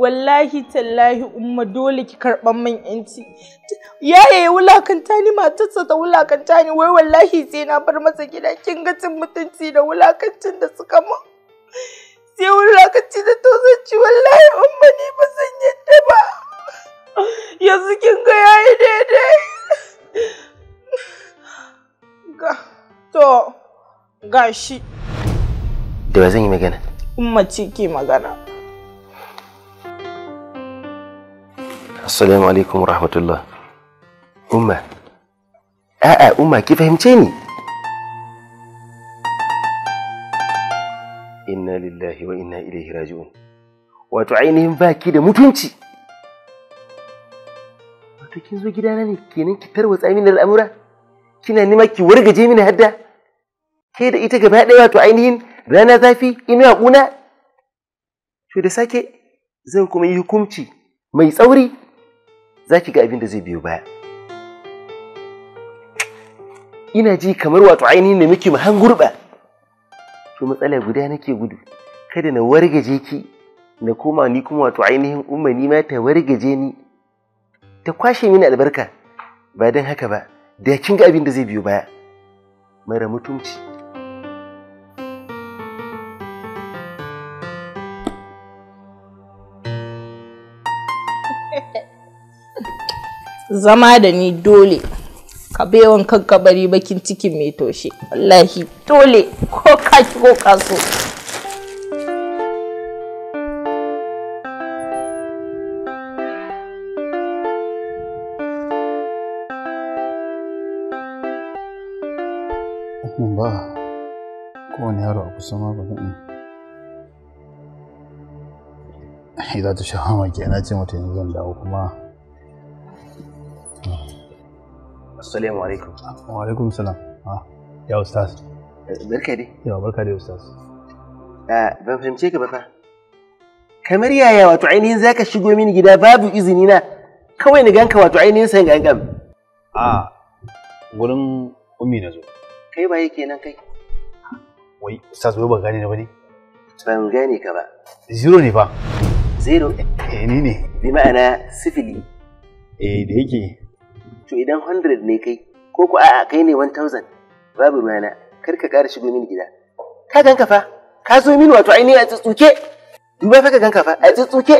wallahi tallahi umma dole ki karban min yanci yaye ya wulakanta ni matarsa ta wulakanta ni wai wallahi sai na bar masa gida kin ga cin mutunci da wulakancin da suka mun sai wulakancin da tozanci wallahi umma ni ba san yadda ba yanzu kin ga yayi daidai ga to gashi da zan yi magana umma ce ke magana assalamu alaikum rahmatullah umma a'a umma ki fahimce ni inna lillahi wa inna ilaihi raji'un wato ainihin baki da mutunci wato kin zo gidana ne kenan ki tarwatsa mini al'amura kina nima ki wargaje mini hadda ke da ita gaba ɗaya wato ainihin rana zafi ina kuna to da sake zan kuma yi hukunci mai tsauri za ki ga abin da zai biyo baya ina ji kamar wato ainihin ne muke muhan gurɓa to matsala guda nake gudu kada na wargaje ki na koma ni kuma wato ainihin ni ma ta wargaje ni ta kwashe mini albarka ba don haka ba da kin ga abin da zai biyo baya mara mutunci zama da ni dole ka bewan kan kabari bakin cikin mai toshe wallahi dole ko kaki ko kaso ba kowane yaro a kusa ma ba zan za ta sha mamaki ana ce mata yanzu zan dawo kuma Assalamu alaikum. Wa alaikum salam. Ah, ya ustaz. Eh, barka dai. Yawa barka dai ustaz. Eh, ban fahimce ka ba fa. Kamar yaya wato ainihin zaka shigo mini gida babu izini na kawai ni ganka wato ainihin san gangan. A gurin ummi na zo. Kai ba yake nan kai. Wai ustaz wai ban gane na bane. Ban gane ka ba. Zero ne fa. Zero. Eh ni ne. Bi ma'ana sifili. Eh da yake to idan 100 ne kai ko ku a'a kai ne 1000 babu na, kar ka ƙara shigo mini gida ka ganka fa ka zo mini wato ainihin a tsutsuke duba fa ka ganka fa a tsutsuke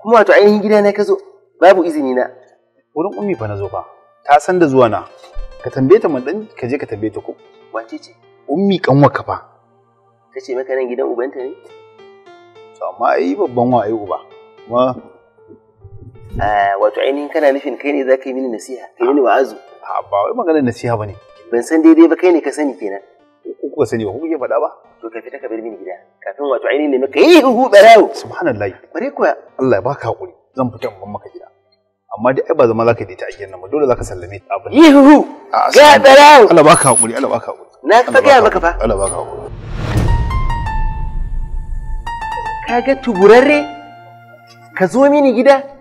kuma wato ainihin gida na ka zo babu izini na wurin ummi fa na zo fa ta san da zuwa na ka tambaye ta mun ka je ka tambaye ta ko wace ce ummi kanwa ka fa kace ce maka nan gidan ubanta ne to amma ai babban wa ai uba kuma Eh, wato ainihin kana nufin kai ne za ka yi mini nasiha kai mini wa'azu ba wai maganar nasiha bane ban san daidai ba kai ne ka sani kenan ku kuka sani ba ku kuke faɗa ba to ka fita ka bar mini gida kafin wato ainihin ne maka yi hu barawo subhanallahi bare kuwa Allah ya baka hakuri zan fita ban maka gida amma dai ai ba zama za ka daita a gidan nan ba dole za ka sallame ta abin yi hu ga barawo Allah baka hakuri Allah baka hakuri na ka ga maka fa Allah baka hakuri kaga tuburarre ka zo mini gida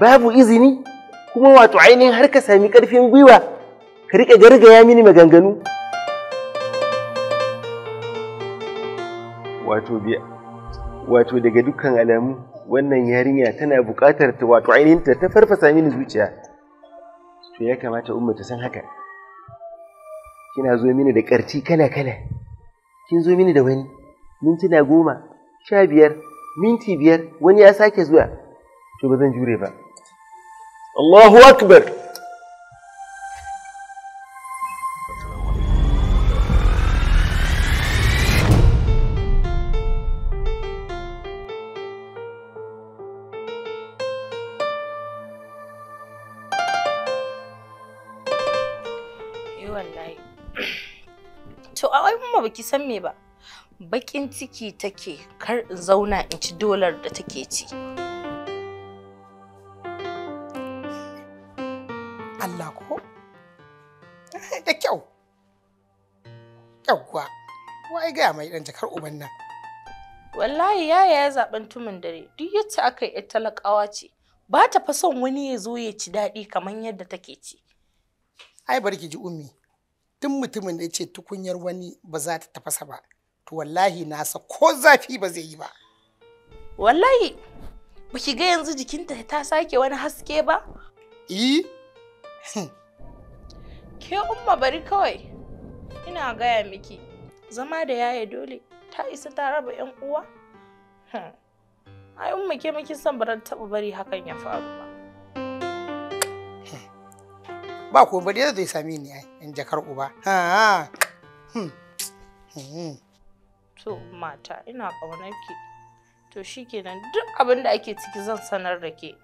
babu izini kuma wato ainihin har ka sami karfin gwiwa ka riƙe gargaya mini maganganu wato biya wato daga dukkan alamu wannan yarinya tana buƙatar ta wato ainihin ta farfasa mini zuciya to ya kamata umma ta san haka kina zo mini da ƙarci kala kala kin zo mini da wani mintuna goma sha biyar minti biyar wani ya sake zuwa to ba zan jure ba الله أكبر eh, To a baki san me ba. Bakin ciki take kar in zauna in ci dolar da take ci. ai gaya mai ɗan jakar uban nan. Wallahi yaya ya zaɓen tumin dare duk yadda aka yi talakawa ce ba ta fa son wani ya zo ya ci daɗi kamar yadda take ci. Ai barki ji ummi duk mutumin da ya ce tukunyar wani ba za ta tafasa ba to wallahi nasa ko zafi ba zai yi ba. Wallahi ba ki ga yanzu jikinta ta sake wani haske ba? Eh. Ke umma bari kawai ina gaya miki. zama da yaya dole ta isa ta raba 'yan uwa? Hmm. Ai, umma ke maki son ba taɓa bari hakan ya faru ba. Hmm. Ba ko bari zai same ni ai, in jakar uba. Hmm. To, mata, ina ƙaunar ki. To shi kenan duk abin da ake ciki zan sanar da ke.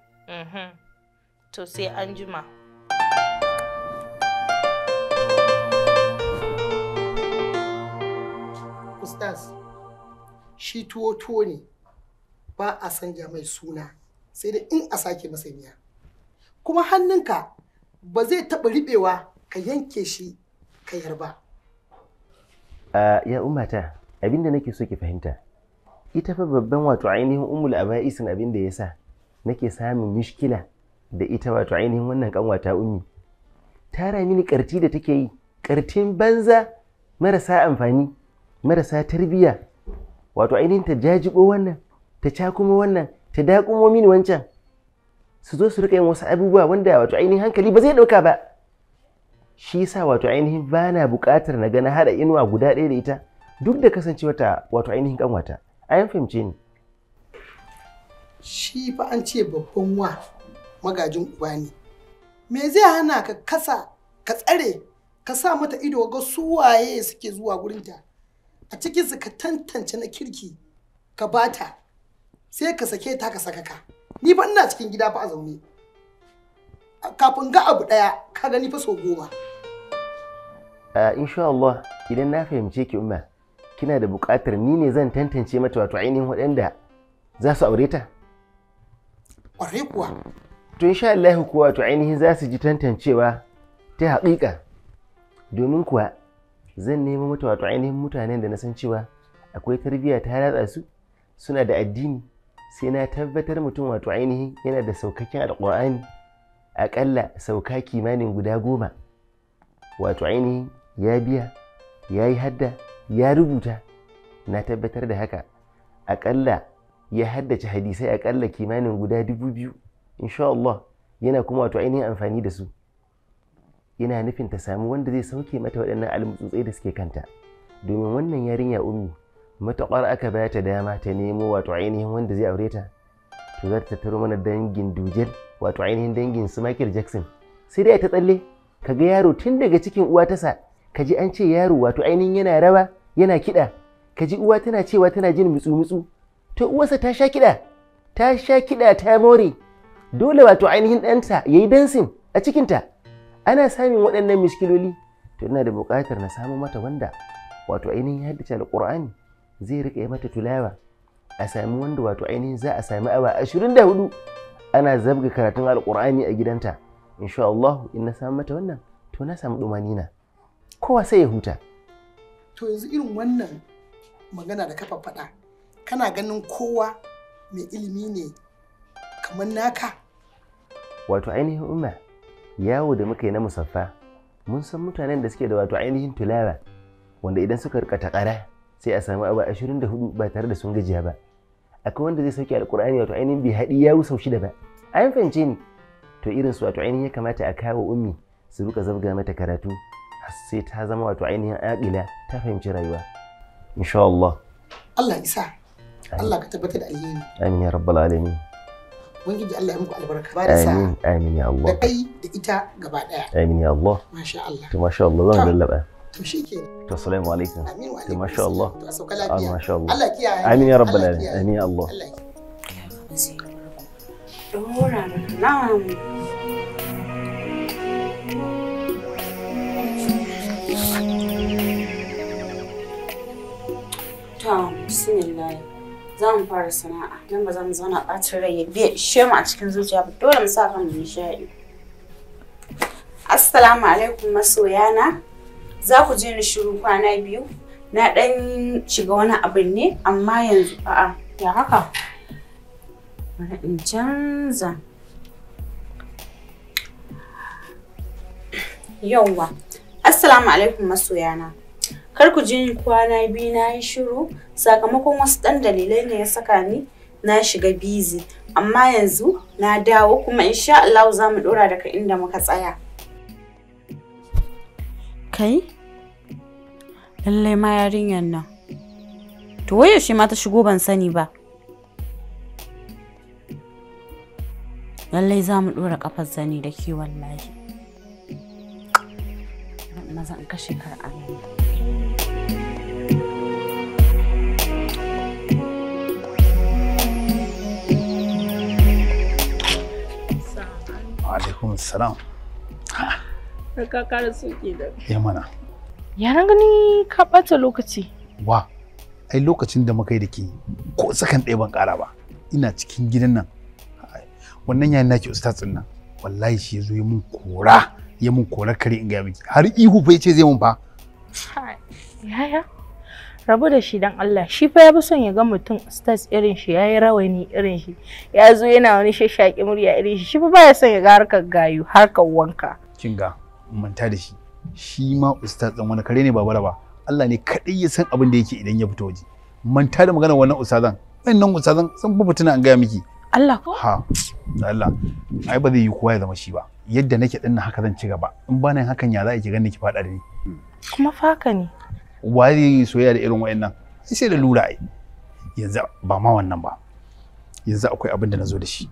To sai an jima. shi tuwo tuwo ne ba a sanja mai suna sai da in a sake masa miya kuma hannunka ba zai taɓa riɓewa ka yanke shi ka yarba uh, ya umata abinda nake so ki fahimta ita fa babban wato ainihin umul aba'isin abin da yasa nake samun mishkila da ita wato ainihin wannan kanwata ummi tara mini karti da take yi kartin banza marasa amfani marasa tarbiyya wato ainihin ta jajibo wannan ta ca kuma wannan ta daƙumo mini wancan su zo su rika yin wasu abubuwa wanda wato ainihin hankali ba zai ɗauka ba shi yasa wato ainihin ba na buƙatar na gana haɗa inuwa guda ɗaya da ita duk da kasancewa ta wato ainihin ƙanwata a yan fahimce ni. shi fa an ce babban wa magajin uba ne me zai hana ka kasa ka tsare ka sa mata ido ga waye suke zuwa gurin ta. a cikin su ka tantance na kirki ka bata sai ka sake ta ka saka ka ni ba ina cikin gida ba a zaune kafin ga abu daya ka gani fa sau goma insha Allah idan na fahimce ki umma kina da buƙatar ni ne zan tantance mata wato ainihin waɗanda za su aure ta ƙwarai kuwa to insha Allah kuwa wato ainihin za su ji tantancewa ta haƙiƙa domin kuwa zan nemi mata wato ainihin mutanen da na san cewa akwai tarbiyya ta ratsa su suna da addini sai na tabbatar mutum wato ainihin yana da saukakin alƙur'ani aƙalla sauka kimanin guda goma wato ainihin ya biya ya yi hadda ya rubuta na tabbatar da haka aƙalla ya haddace hadisai aƙalla kimanin guda dubu biyu insha Allah yana kuma wato ainihin amfani da su ina nufin ta samu wanda zai sauke mata waɗannan almutsutsai da suke kanta domin wannan yarinya ummi matuƙar aka ba ta dama ta nemo wato ainihin wanda zai aure ta to za ta tattaro mana dangin dujel wato ainihin dangin su michael jackson sai dai ta tsalle ka ga yaro tun daga cikin uwa tasa ka ji an ce yaro wato ainihin yana rawa yana kiɗa ka ji uwa tana cewa tana jin mutsu-mutsu to uwarsa ta sha kiɗa ta sha kiɗa ta more dole wato ainihin ɗanta ya yi dansin a cikinta ana samun waɗannan miskiloli to ina da buƙatar na samu mata wanda wato ainihin ya haddace alƙur'ani zai riƙe mata tulawa a sami wanda wato ainihin za a sami awa ashirin da hudu ana zabga karatun alƙur'ani a gidanta insha Allah in na samu mata wannan to na samu ɗumanina kowa sai ya huta to yanzu irin wannan magana da kafa faɗa kana ganin kowa mai ilimi ne kamar naka wato ainihin umma yawo da muka yi na musaffa mun san mutanen da suke da wato ainihin tulawa wanda idan suka rika takara sai a samu abu hudu ba tare da sun gajiya ba akwai wanda zai sauke alkur'ani wato ainihin bai haɗi yawo sau shida ba an fahimce ni to irin su wato ainihin ya kamata a kawo ummi su rika zabga mata karatu sai ta zama wato ainihin aƙila ta fahimci rayuwa insha Allah Allah isa Allah ka tabbatar da alheri amin ya rabbal alamin ubangiji Allah ya muku albarka ba da sa. amin ya Allah da kai da ita gaba daya amin ya Allah masha Allah to masha Allah zan lallaba to shike. to assalamu alaikum amin wa alaikum masha Allah to sauka lafiya ah, masha Allah Allah kiyaye amin ya rabbal alamin amin ya Allah Dora nan Tom, bismillah. za mu fara sana'a don ba za mu zauna ɓacin rai ya biya ishe mu a cikin zuciya ba dole mu sa mu nishaɗi. Assalamu alaikum masoyana za ku je ni shiru kwana biyu na ɗan shiga wani abin ne amma yanzu a'a ya haka bari in canza yauwa assalamu alaikum masoyana kar ku ji kwana biyu na yi shiru sakamakon wasu ɗan dalilai ne ya saka ni na shiga bizi amma yanzu na dawo kuma insha Allah za mu ɗora daga inda muka tsaya. Kai? Lallai ma yarinyar nan. To wai yaushe ma ta shigo ban sani ba. Lallai za mu ɗora ƙafar zani da ke wallahi. zan kashe kar a alaikum salam ka kara da ya mana yaran gani ka bata lokaci wa ai lokacin da muka yi da ke ko sakan ɗaya ban kara ba ina cikin gidan nan wannan yayin naki ustaz nan wallahi shi ya zo yi mun kora ya mun korar kare in ga miki har ihu fa yace zai mun fa yaya rabu da shi dan Allah shi fa ya fi son ya ga mutum stars irin shi yayi rawani irin shi ya zo yana wani shashaki murya irin shi shi fa baya son ya ga harkar gayu harkar wanka kin ga manta da shi shi ma ustaz dan wani kare ne ba bara ba Allah ne kadai ya san abin da yake idan ya fito waje manta da magana wannan ustazan wannan ustazan sun fi fitina an gaya miki Allah ko? Ha, Allah. Ai ba zai yi kowa ya zama shi ba. Yadda nake ɗin haka zan ci gaba. In ba nan hakan ya za a ki ganin ki faɗa da ni. Kuma faka ne. Wa zai yi soyayya da irin wayannan? Sai sai da lura ai. Yanzu ba ma wannan ba. Yanzu akwai abin da na zo da shi.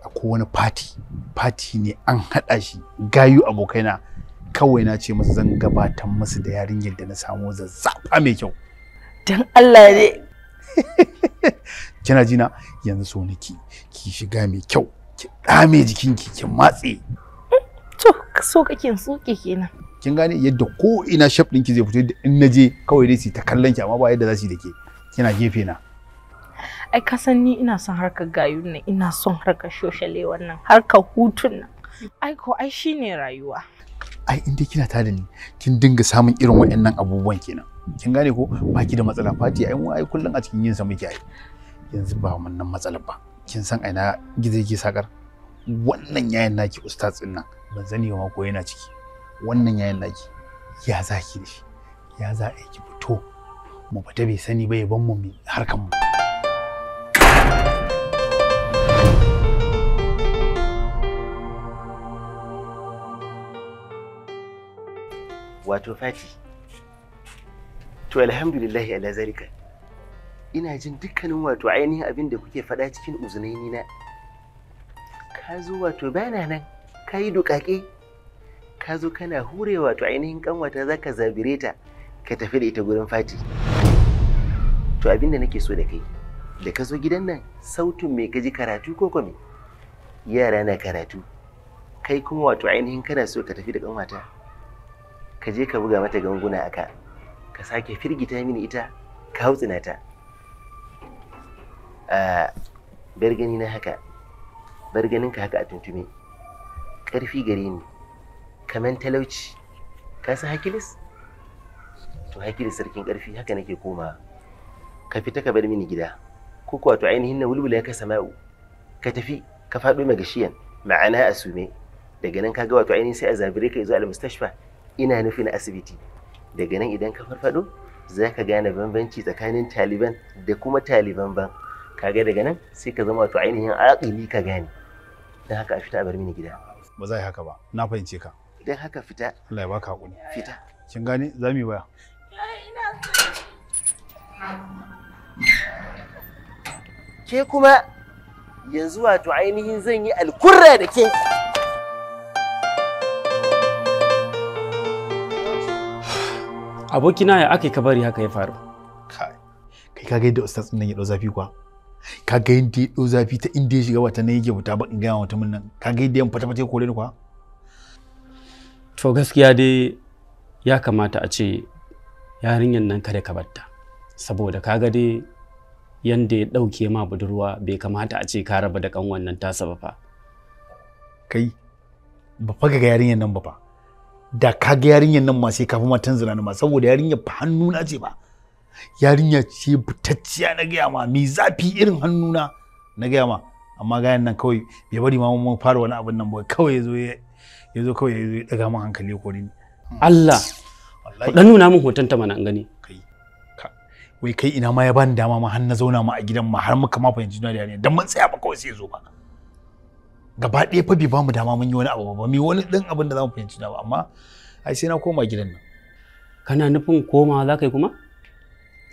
Akwai wani fati. Fati ne an haɗa shi. Gayu abokaina. Kawai na ce musu zan gabatar musu da yarinyar da na samu zazzafa mai kyau. Dan Allah ne. kina jina yanzu so niki ki shiga mai kyau ki dame jikinki ki matse to so kake soke kenan kin gane yadda ko ina shaf ki zai fito da in naje kawai dai su ta kallon ki amma ba yadda za su yi da ke kina gefe na ai ka san ni ina son harkar gayun nan ina son harkar shoshale wannan harkar hutun nan ai ko ai shine rayuwa ai in dai kina tada ni kin dinga samun irin waɗannan abubuwan kenan kin gane ko baki da matsala fati ai mu ai kullun a cikin yin sa muke ai yanzu ba wannan matsalar ba kin san aina gizo yake sakar wannan yayin naki ustaz din nan ban zani ma ko yana ciki wannan yayin naki ya za ki da shi ya za a ki fito mu fita bai sani ba ya ban mu harkan mu wato fati to alhamdulillahi ala zalika ina jin dukkanin wato ainihin abin da kuke faɗa cikin uzunaini na ka zo wato bana nan ka yi dukake?" ka zo kana hure wato ainihin ƙanwata za ka zabire ta ka tafi da ita gurin fati to abin da nake so da kai da ka zo gidan nan sautin mai kaji karatu ko kwame yara na karatu kai kuma wato ainihin kana so ka tafi da kanwata ka je ka buga mata ganguna aka ka sake firgita mini ita ka hau tsinata. bar gani na haka bar ganinka haka a tuntume ƙarfi gare ni kaman talauci ka san hakilis to hakilis sarkin ƙarfi haka nake koma ka fita ka bar mini gida ko kuwa to ainihin na wulwula ka sama'u ka tafi ka faɗo gashiyan ma'ana a sume daga nan ka ga wato ainihin sai a zabire ka zuwa almustashfa ina nufin asibiti daga nan idan ka farfado za ka gane bambanci tsakanin taliban da kuma taliban ban Kage daga nan sai ka zama to ainihin aƙili ka gane don haka a fita a bar mini gida ba za yi haka ba na fahimce ka don haka fita Allah ya baka hakuri fita kin gane za mu yi waya ke kuma yanzu wato ainihin zan yi alkurra da ke abokina ya ake ka bari haka ya faru kai ka ga yadda ustaz nan ya dau zafi kwa? Ka yadda ya ɗau zafi ta inda ya shiga wata na yake fita ba in gaya mutumin nan Ka yadda ya fata fata kore ni kwa to gaskiya dai ya kamata a ce yarinyar nan kada ka batta saboda ka ga dai yanda ya ɗauke ma budurwa bai kamata a ce ka raba da kan wannan tasa ba fa kai ba fa ga yarinyar nan ba fa da ga yarinyar nan ma sai ka fi matan zina ma saboda yarinyar fa hannu na ce ba yarinya ce butacciya na gaya ma mai zafi irin hannuna na gaya ma amma gayan nan kawai bai bari ma mun fara wani abin nan ba kawai yazo ya zo kawai ya zo ya daga mun hankali ko ni Allah ku dan nuna min hoton ta mana an gani kai wai kai ina ma ya bani dama ma har na zauna ma a gidan ma har muka ma fahimci juna da yarinya dan mun tsaya ba kawai sai zo ba gaba ɗaya fa bai mu dama mun yi wani abu ba mai wani ɗan abin da za mu fahimci juna ba amma ai sai na koma gidan nan kana nufin koma za ka yi kuma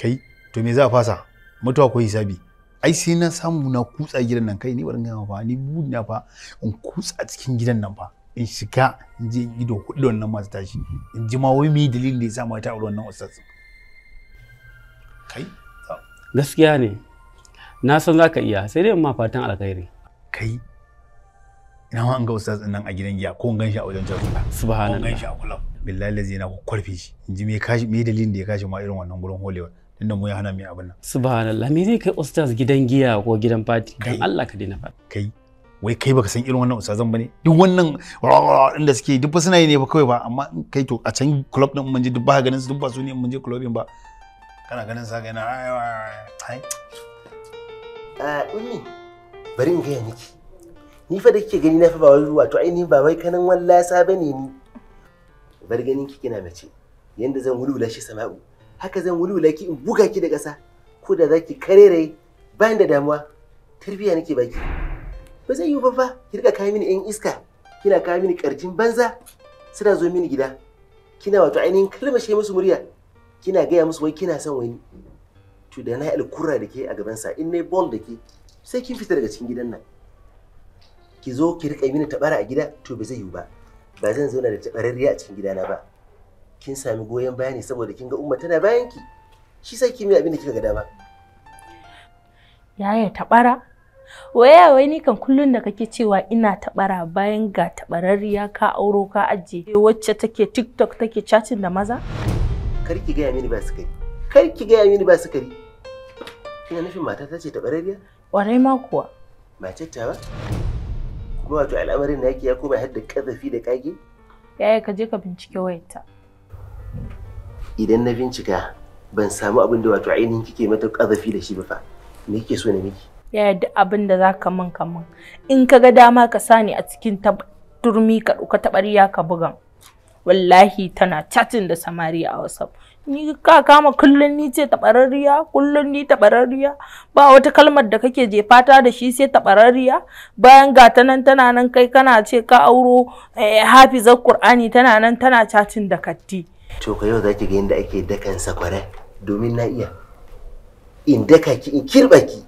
kai to me za a fasa mutuwa ko hisabi ai sai na samu na kutsa gidan nan kai ni barin gama fa ni na fa in kutsa cikin gidan nan fa in shiga in je in ido kudi wannan masu tashi in ji ma wai me dalilin da ya sa mata aure wannan ustaz kai gaskiya ne na san zaka iya sai dai ma fatan alkhairi kai ina ma an ga ustaz nan a gidan giya ko in ganshi a wajen jaru subhanallah ko in ganshi a kullum billahi lazi na kwarfe shi in ji me kashi me dalilin da ya kashi ma irin wannan gurin holewa inda mu ya hana mai abin nan subhanallah me zai kai ustaz gidan giya ko gidan fati dan Allah ka daina fata. kai wai kai baka san irin wannan ustazan bane duk wannan inda suke duk suna yi ne ba kawai ba amma kai to a can club din mun je duk ba ganin su duk ba su ne mun je clubin ba kana ganin sa ga yana ai eh, ummi bari in gaya miki ni fa da kike gani na fa ba wai ruwa to ainihin ba wai kanin wallahi bane ni bar ganin kike na mace yanda zan wulula shi sama'u haka zan wulwula ki in buga ki da ƙasa ko da zaki rai bayan da damuwa tarbiyya nake baki ba zai yi ba fa ki rika kawo mini yan iska kina kawo mini karjin banza suna zo mini gida kina wato ainihin kalmashe musu murya kina gaya musu wai kina son wani to da na yi alkura da ke a gabansa in na bol da ke sai kin fita daga cikin gidan nan ki zo ki rika mini tabara a gida to ba zai yiwu ba ba zan zauna da tabararriya a cikin gidana ba kin sami goyon baya ne saboda kin ga umma tana bayan ki shi sai kin yi abin da kika ga dama yaya tabara waya wai ni kan kullun da kake cewa ina tabara bayan ga tabararriya ka auro ka aje wacce take tiktok take chatin da maza kar ki gaya mini ba sukari kar ki gaya mini ba sukari kina nufin mata ta ce tabararriya warai ma kuwa ba ta ba kuma wato al'amarin naki ya koma hadda kazafi da kage yaya ka je ka bincike wayarta idan na bincika ban samu abin da wato ainihin kike mata ƙazafi da shi ba fa me kike so na miki ya yadda abin da zaka min kaman in ka ga dama ka sani a cikin turmi ka ɗauka ɓarya ka bugan wallahi tana chatting da samari a whatsapp ni ka kama kullun ni ce tabararriya kullun ni tabararriya ba wata kalmar da kake je fata da shi sai tabararriya bayan ga ta nan tana nan kai kana ce ka auro eh, hafizar qur'ani tana nan tana chatting da katti to ka yau za ki ga yadda ake dakan sakwara domin na iya in daka ki in kirba ki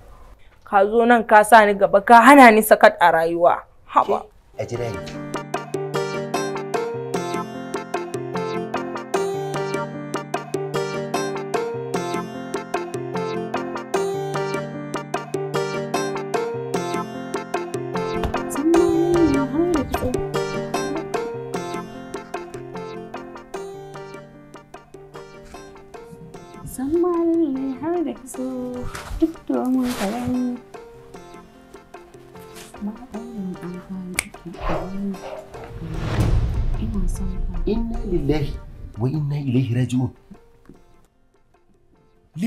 ka zo nan ka sa ni gaba ka hana ni sakat a rayuwa haba a jira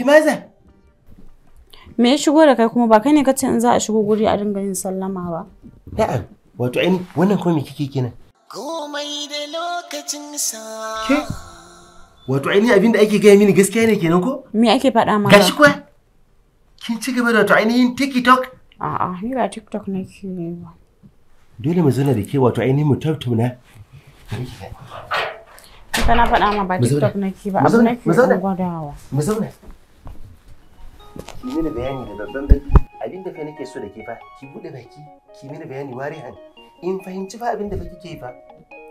Limaza? Me ya shigo da kai kuma ba kai ne kace in za a shigo guri a dinga yin sallama ba. A'a, wato ai wannan kuma me kike kenan? Komai da lokacin sa. Ke? Wato ai abin da ake gaya mini gaskiya ne kenan ko? Me ake faɗa ma? Gashi kuwa? Kin ci gaba da wato ainihin TikTok? A'a, ni ba TikTok ke yi ba. Dole mu zauna da ke wato ainihin mu tattauna. Ita na faɗa ma ba TikTok ke ba, abu nake gwadawa. Mu zauna. ki mini bayani da babban baki abin da fa nake so da ke fa ki bude baki ki mini bayani ware warihan in fahimci fa abin da fa ke fa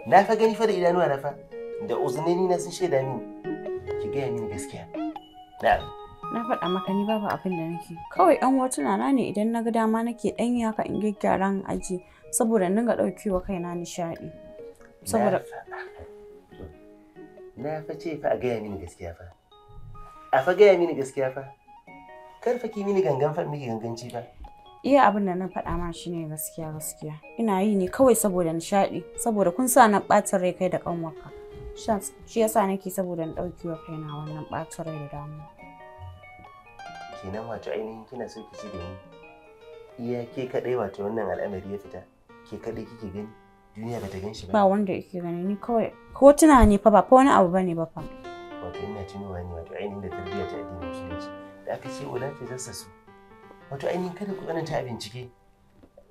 na fa gani fa da idanuwa na fa da uzunneni na sun shaida mini ki gaya mini gaskiya na na faɗa maka ni babu abin da nake kawai yan hotuna na ne idan na ga dama nake ɗan yaka in gyaggyara aji saboda dinga ɗaukewa kaina nishaɗi saboda na fa ce fa a gaya mini gaskiya fa a fa gaya mini gaskiya fa kar ki mini gangan fa miki ganganci ba iya abin da na faɗa ma shine gaskiya gaskiya ina yi ne kawai saboda nishaɗi saboda kun sa na ɓacin rai kai da ƙanwarka shi yasa nake saboda na ɗauki wa kaina wannan ɓacin rai da damuwa kenan wato ainihin kina so ki ci da ni iya ke kaɗai wato wannan al'amari ya fita ke kaɗai kike gani duniya bata gan shi ba wanda yake gani ni kawai ko tuna ne fa ba fa wani abu bane ba fa wato ina tunowa ne wato ainihin da tarbiya ta addinin musulunci da aka ce wala ta zasta su wato ainihin kada ku tsananta bincike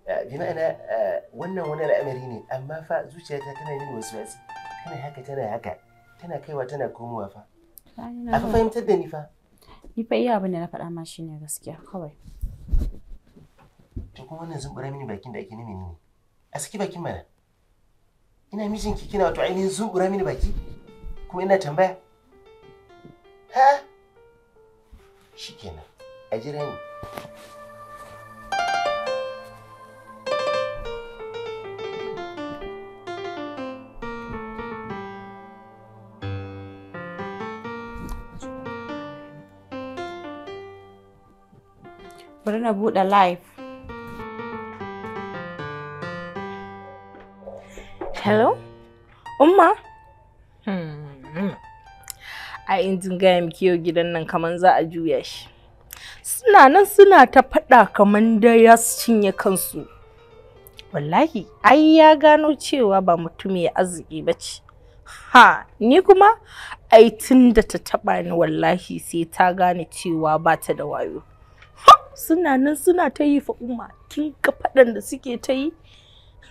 eh, bi ma'ana eh, wannan wani al'amari ne amma fa zuciyata tana yin wasu wasu tana haka tana haka tana kaiwa tana komowa fa a fa fahimtar da ni fa ni fa iya abin da na faɗa ma ne gaskiya kawai to kuma wannan zumbura mini bakin da ake nemi ne a saki bakin mana ina mijinki kina wato ainihin zumbura mini baki kuma ina tambaya ha shikenan a jira ni bari na buɗe live. Hello? Umma? Hmm. a injin gaya miki yau gidan nan kaman za a juya shi suna nan suna ta faɗa kaman da ya cinye kansu wallahi ai ya gano cewa ba mutum ya arziki ba ce ha ni kuma ai tun ta taɓa ni wallahi sai ta gane cewa ba ta da wayo suna nan suna ta yi fa umma kin ga faɗan da suke ta yi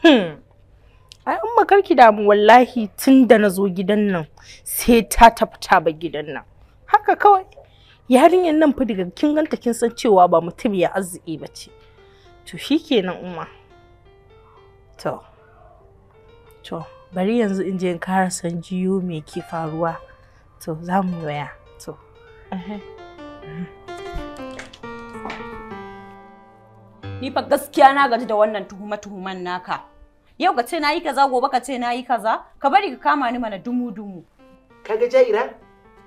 hmm. ai ba karki damu wallahi tun da na zo gidan nan sai ta tafta ba gidan nan haka kawai yarinyar nan fa daga kin ganta kin san cewa ba mutum ya arziki ba ce to shikenan umma to to bari yanzu in je in kara san jiyo me ke faruwa to za mu waya to mhm. ni fa gaskiya na gaji da wannan tuhuma tuhuman naka Yau ka ce na yi kaza gobe ka ce na yi kaza, ka bari ka kama ni mana dumu-dumu. Kaga Jaira,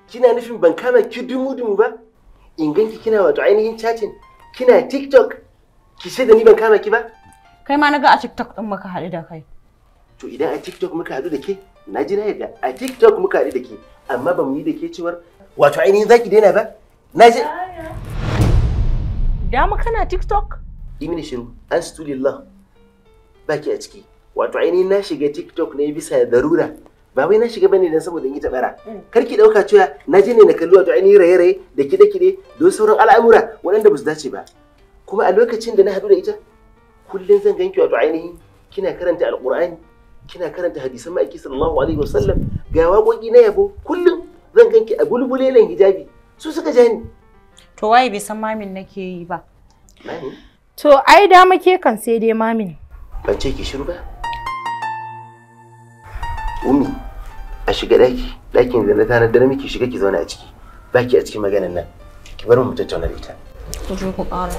kina nufin ban kama ki dumu-dumu ba? In ganki kina wato ainihin chatting, kina TikTok, ki ce da ni ban kama ki ba? Kai ma na ga a TikTok din maka haɗu da kai. To idan a TikTok muka haɗu da ke, na ji na yadda a TikTok muka haɗu da ke, amma ba mu yi da ke cewar wato ainihin zaki daina ba? Na ji. Dama kana TikTok? Imini shiru, an stulillah. Baki a ciki. wato ainihin na shiga tiktok ne bisa darura ba wai na shiga bane dan saboda in yi tabara kar ki dauka cewa na je ne na kalli wato ainihin raye-raye da kide-kide don sauran al'amura waɗanda ba su dace ba kuma a lokacin da na haɗu da ita kullum zan ganki wato ainihin kina karanta alqur'ani kina karanta hadisan ma'aiki sallallahu alaihi wasallam ga waƙoƙi na yabo kullum zan ganki a bulbulelen hijabi su suka ja ni to waye bai san mamin nake yi ba to ai da muke kan sai dai mamin ban ce ki shiru ba Umi, a shiga ɗaki, ɗakin da na tanadar miki shiga ki zauna a ciki. Baki a cikin maganar nan. Ki bar mu tattauna da ita. Ku je ku ƙara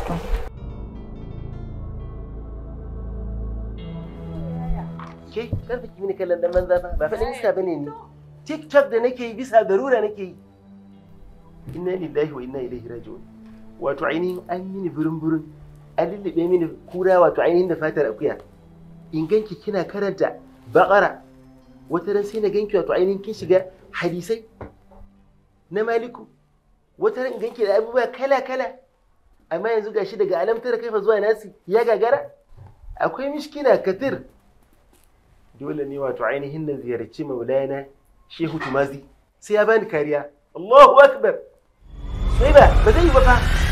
Ke, karfa ki mini kallon dan banza fa, ba faɗin isa bane ni. TikTok da nake yi bisa darura nake yi. Inna lillahi wa inna ilaihi raji'un. Wato ainihin an mini burin-burin, an lullube mini kura wato ainihin da fatar akuya. In ganki kina karanta baƙara wata ran sai na ganki wato ainihin kin shiga hadisai na maliku wata ran ganki da abubuwa kala kala amma yanzu gashi daga alamtar kaifa zuwa nasi ya gagara akwai mishkina katir dole ne wato ainihin na ziyarci maulana shehu tumazi sai ya bani kariya Allahu akbar sai ba ba zai yi ba fa